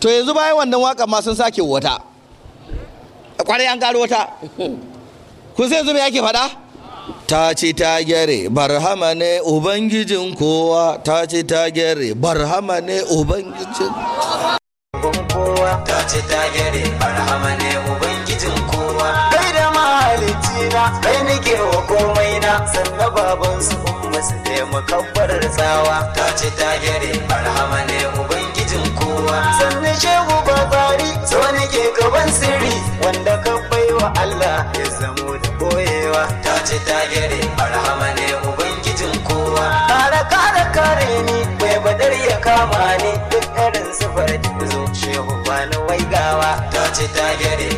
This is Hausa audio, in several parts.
to yanzu bayan wannan waka ma sun sake wata kwarai an karo wata kun sai yanzu me yake faɗa ta ce ta gyare barhama ne ubangijin kowa ta ce ta gyare barhama ne ubangijin ta ce ta ne ubangijin kowa da wa komai na sannan babansu umma su da makabbar tsawa ta ce ta gyare barhama ne baiwa sannan shehu babari so ke gaban sirri wanda ka baiwa Allah ya zamo da koyewa ta ce ta gere arhama ne ubangijin kowa kare kare kare ni bai badar ya kama ni duk irin sifar da zo shehu ba na waigawa ta ce ta gere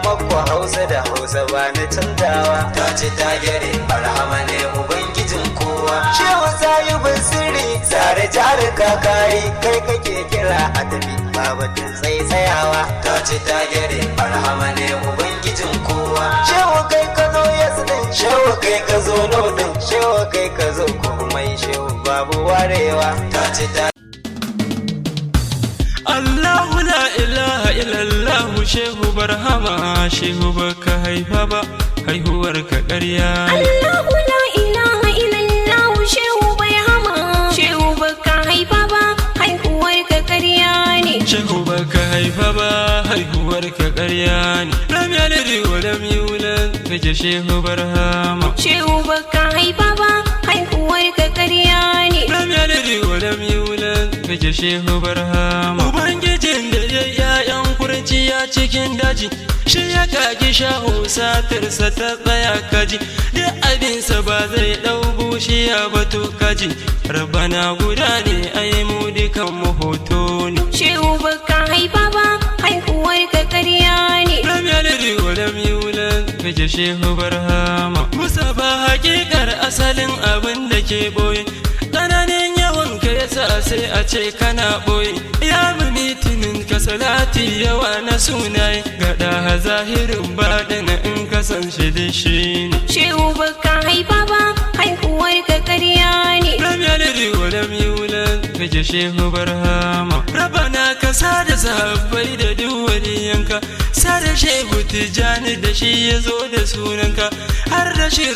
bakwa hausa da hausa ba na canzawa ta ce ta gyare barhama ne ubangijin kowa shehu salibin sirri tsare jari kakari kai kake kira a tafi babatun tsaye tsayawa ta ce ta gyare barhama ne ubangijin kowa shehu kai ka zo din shehu kai ka zo nau'in din kai ka zo komai shehu babu warewa ta ce ta ilaha illallahu shehu barhama shehu baka haifa ba haihuwar ka ƙarya Allahu la ilaha illallahu shehu barhama shehu baka haifa ba haihuwar ka ƙarya ne shehu baka haifa ba haihuwar ka ƙarya ne lam yalid wa lam yulad kaje shehu barhama shehu baka haifa ba haihuwar ka ƙarya ne lam yalid wa lam yulad kaje shehu barhama cikin daji shi ya kagi shahu satirsa ta tsaya kaji duk abinsa ba zai ɗau bushiya ba to kaji rabana guda ne ai mu dukan mu hoto ne shehu baka haifa ba haihuwar ka karya ne lam yalidi wa kaje shehu barhama musa ba hakikar asalin abin da ke boye tsananin yawan ka yasa sai a ce kana boye ya mu mitinin yawa na sunaye gada zahirin na in kasance da shi ne shehu baka haifa ba haihuwar ka karya ne lam yalidi wa lam yulad kaje shehu barhama hama. ka na sahabbai da duwani yanka sada shehu tijani da shi ya zo da sunanka har da shi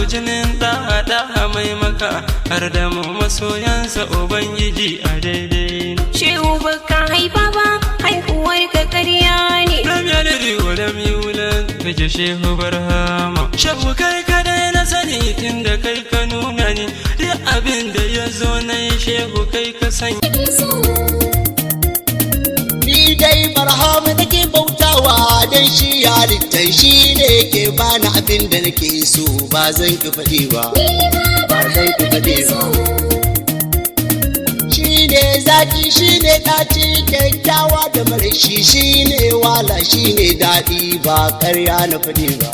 ujinin ɗa a ɗa mai maka har da mu masoyansa ubangiji a daidai shehu baka haifa ba darje shehu hama shabu kai kadai na sani tun da kai ka nuna ni duk abin da ya zo na yi shehu kai ka sani ni dai barhama nake bautawa dan shi halittar shi ne ke bani abin da nake so ba zan ki faɗi ba ba zan ki faɗi ba shi zaki shi ne ɗaci kyakkyawa da shi shi ne wala shi ne daɗi ba karya na faɗi ba.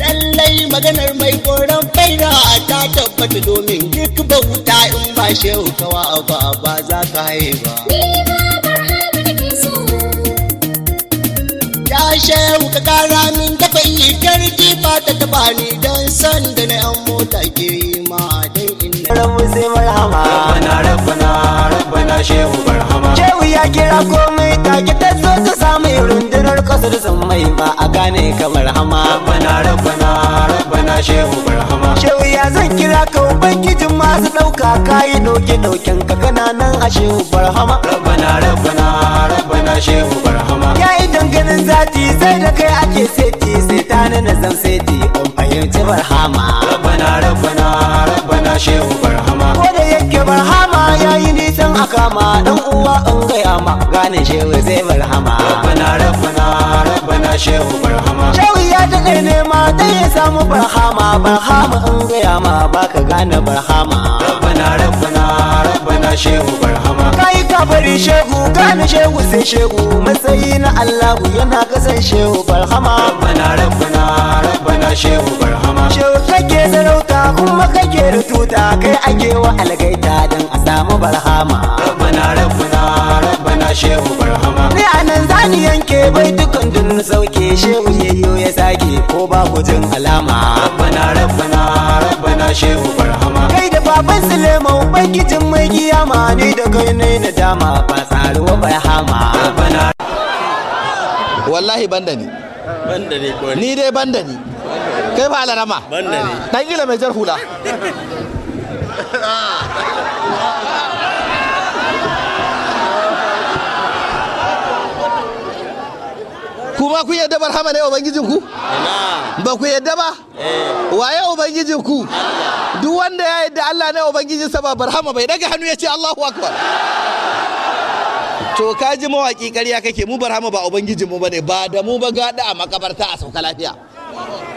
Lallai maganar mai koren faira ta tabbata domin duk bauta in ba shehu kawa ba ba za ka haye ba. Ya shehu ka kara min dafa yi karki ba ta taba ni don sanda na yan mota ke yi ma don inda. Rabu sai marhaba. shehu barhama shehu ya kira komai take ta zo ta samu rundunar kasar zammai ba a gane kamar hama rabbana rabbana rabbana shehu barhama shehu ya zan kira ka ubangijin masu dauka kayi ɗauke-ɗauken ka kananan a shehu barhama rabbana rabbana rabbana shehu barhama yi dangane zati sai da kai ake seti sai ta na zan seti on fahimci barhama rabbana rabbana rabbana shehu barhama ko da yake barhama yayi nisan a kama dan uwa an gaya ma gane shehu zai barhama rabbana rabbana rabbana shehu barhama shehu ya ta kai nema dan ya samu barhama barhama an gaya ma baka gane barhama rabbana rabbana rabbana shehu barhama kai kafari shehu gane shehu sai shehu matsayi na Allah yana kasan shehu barhama rabbana rabbana rabbana shehu barhama shehu kake sarauta kuma kake rututa kai ake wa algaita don a samu barhama rabbana rabbana rabbana shehu barhama ni anan zani yanke bai dukan dun sauke shehu yayyo ya sake ko ba ku jin alama rabbana rabbana rabbana shehu barhama kai da baban suleman ubangijin mai kiyama ni da kai ne na dama ba tsaruwa barhama rabbana wallahi banda ni. banda ne ni dai banda ni. kai ba alarama banda ne gila mai jar hula kuma ku yadda barhama ne ku? ba ku yadda ba eh. waye ku? duk wanda ya yadda Allah ne sa ba hama bai daga hannu ya ce Allahu akbar to ka ji mawaƙi ƙarya kake mu barhama ba ubangijinmu ba ne ba da mu ba gada a makabarta a sauka lafiya